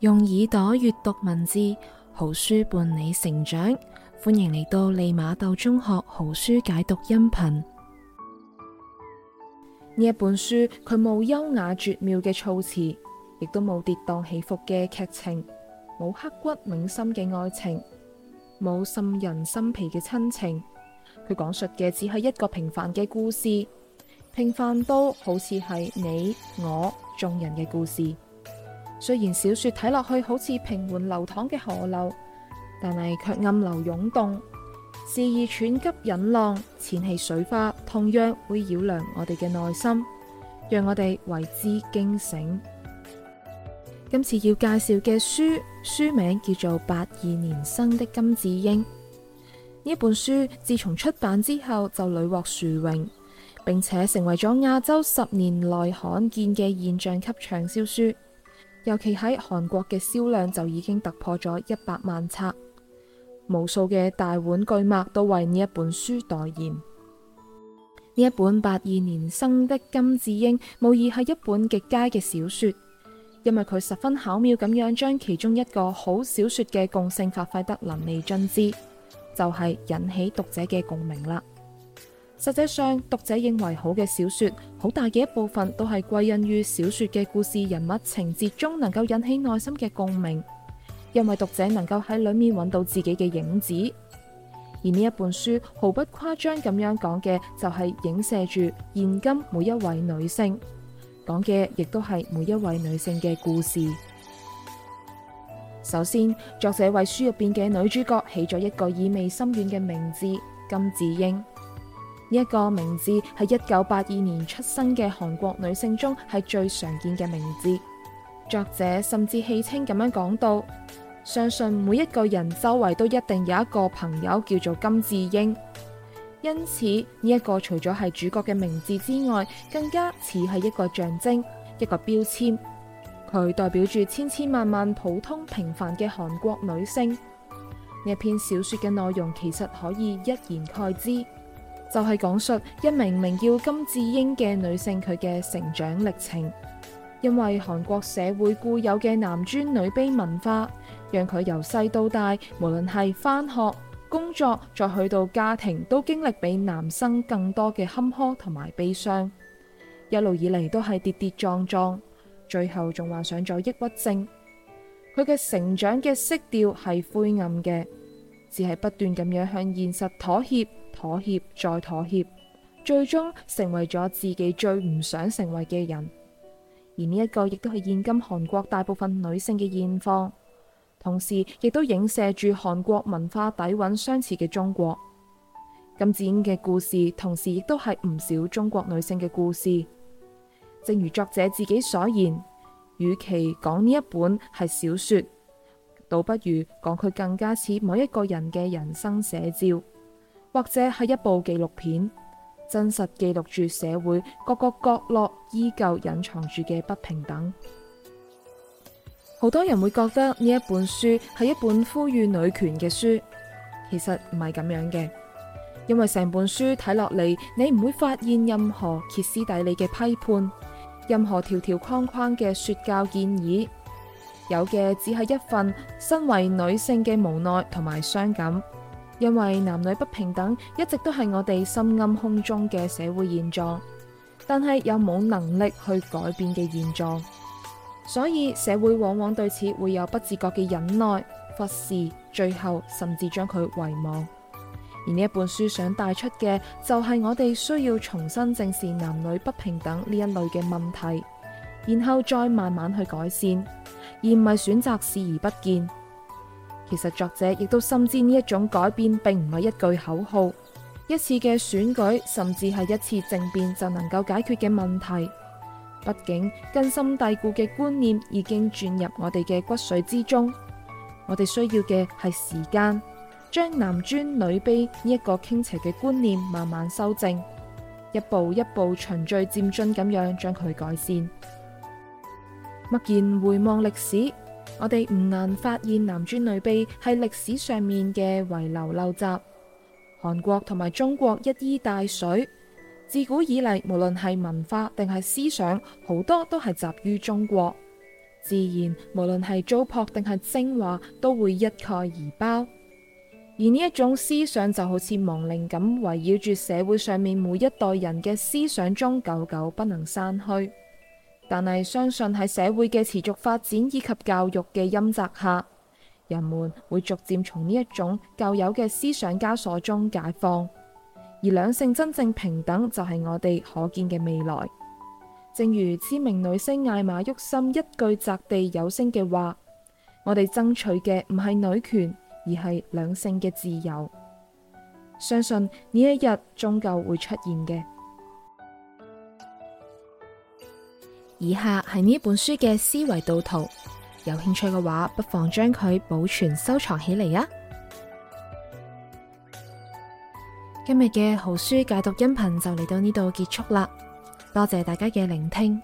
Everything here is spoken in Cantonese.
用耳朵閱讀文字，好書伴你成長。歡迎嚟到利馬竇中學好書解讀音頻。呢一本書佢冇優雅絕妙嘅措辭，亦都冇跌宕起伏嘅劇情，冇刻骨銘心嘅愛情，冇沁人心脾嘅親情。佢講述嘅只係一個平凡嘅故事，平凡都好似係你我眾人嘅故事。雖然小說睇落去好似平緩流淌嘅河流，但係卻暗流湧動，肆意喘急引浪，潛氣水花，同樣會擾亂我哋嘅內心，讓我哋為之驚醒。今次要介紹嘅書，書名叫做《八二年生的金智英》。呢本書自從出版之後就屢獲殊榮，並且成為咗亞洲十年內罕見嘅現象級暢銷書。尤其喺韓國嘅銷量就已經突破咗一百萬冊，無數嘅大腕巨擘都為呢一本書代言。呢一本《八二年生的金智英》，無疑係一本極佳嘅小說，因為佢十分巧妙咁樣將其中一個好小說嘅共性發揮得淋漓盡致，就係、是、引起讀者嘅共鳴啦。實際上，讀者認為好嘅小說，好大嘅一部分都係歸因於小說嘅故事、人物、情節中能夠引起內心嘅共鳴，因為讀者能夠喺裏面揾到自己嘅影子。而呢一本書毫不誇張咁樣講嘅，就係影射住現今每一位女性，講嘅亦都係每一位女性嘅故事。首先，作者為書入邊嘅女主角起咗一個意味深遠嘅名字金智英。呢一個名字係一九八二年出生嘅韓國女性中係最常見嘅名字。作者甚至戲稱咁樣講到：相信每一個人周圍都一定有一個朋友叫做金智英。因此呢一個除咗係主角嘅名字之外，更加似係一個象徵，一個標籤，佢代表住千千萬萬普通平凡嘅韓國女性。呢篇小說嘅內容其實可以一言概之。就係講述一名名叫金智英嘅女性佢嘅成長歷程。因為韓國社會固有嘅男尊女卑文化，讓佢由細到大，無論係翻學、工作，再去到家庭，都經歷比男生更多嘅坎坷同埋悲傷。一路以嚟都係跌跌撞撞，最後仲患上咗抑鬱症。佢嘅成長嘅色調係灰暗嘅，只係不斷咁樣向現實妥協。妥協再妥協，最終成為咗自己最唔想成為嘅人。而呢一個亦都係現今韓國大部分女性嘅現況，同時亦都影射住韓國文化底蘊相似嘅中國。金智英嘅故事，同時亦都係唔少中國女性嘅故事。正如作者自己所言，與其講呢一本係小說，倒不如講佢更加似某一個人嘅人生寫照。或者係一部紀錄片，真實記錄住社會各個角落依舊隱藏住嘅不平等。好多人會覺得呢一本書係一本呼籲女權嘅書，其實唔係咁樣嘅。因為成本書睇落嚟，你唔會發現任何歇斯底里嘅批判，任何條條框框嘅說教建議，有嘅只係一份身為女性嘅無奈同埋傷感。因為男女不平等一直都係我哋深暗空中嘅社會現狀，但係又冇能力去改變嘅現狀，所以社會往往對此會有不自覺嘅忍耐、忽視，最後甚至將佢遺忘。而呢一本書想帶出嘅就係我哋需要重新正視男女不平等呢一類嘅問題，然後再慢慢去改善，而唔係選擇視而不見。其實作者亦都深知呢一種改變並唔係一句口號，一次嘅選舉，甚至係一次政變就能夠解決嘅問題。畢竟根深蒂固嘅觀念已經轉入我哋嘅骨髓之中，我哋需要嘅係時間，將男尊女卑呢一個傾斜嘅觀念慢慢修正，一步一步循序漸進咁樣將佢改善。默然回望歷史。我哋唔難發現，男尊女卑係歷史上面嘅遺留陋習。韓國同埋中國一衣帶水，自古以嚟，無論係文化定係思想，好多都係集於中國。自然，無論係糟粕定係精華，都會一概而包。而呢一種思想就好似亡靈咁，圍繞住社會上面每一代人嘅思想中，久久不能散去。但係相信喺社會嘅持續發展以及教育嘅蔭澤下，人們會逐漸從呢一種舊有嘅思想枷鎖中解放，而兩性真正平等就係我哋可見嘅未來。正如知名女星艾瑪沃森一句擲地有聲嘅話：「我哋爭取嘅唔係女權，而係兩性嘅自由。相信呢一日終究會出現嘅。」以下係呢本書嘅思維導圖，有興趣嘅話，不妨將佢保存收藏起嚟吖。今日嘅好書解讀音頻就嚟到呢度結束啦，多謝大家嘅聆聽。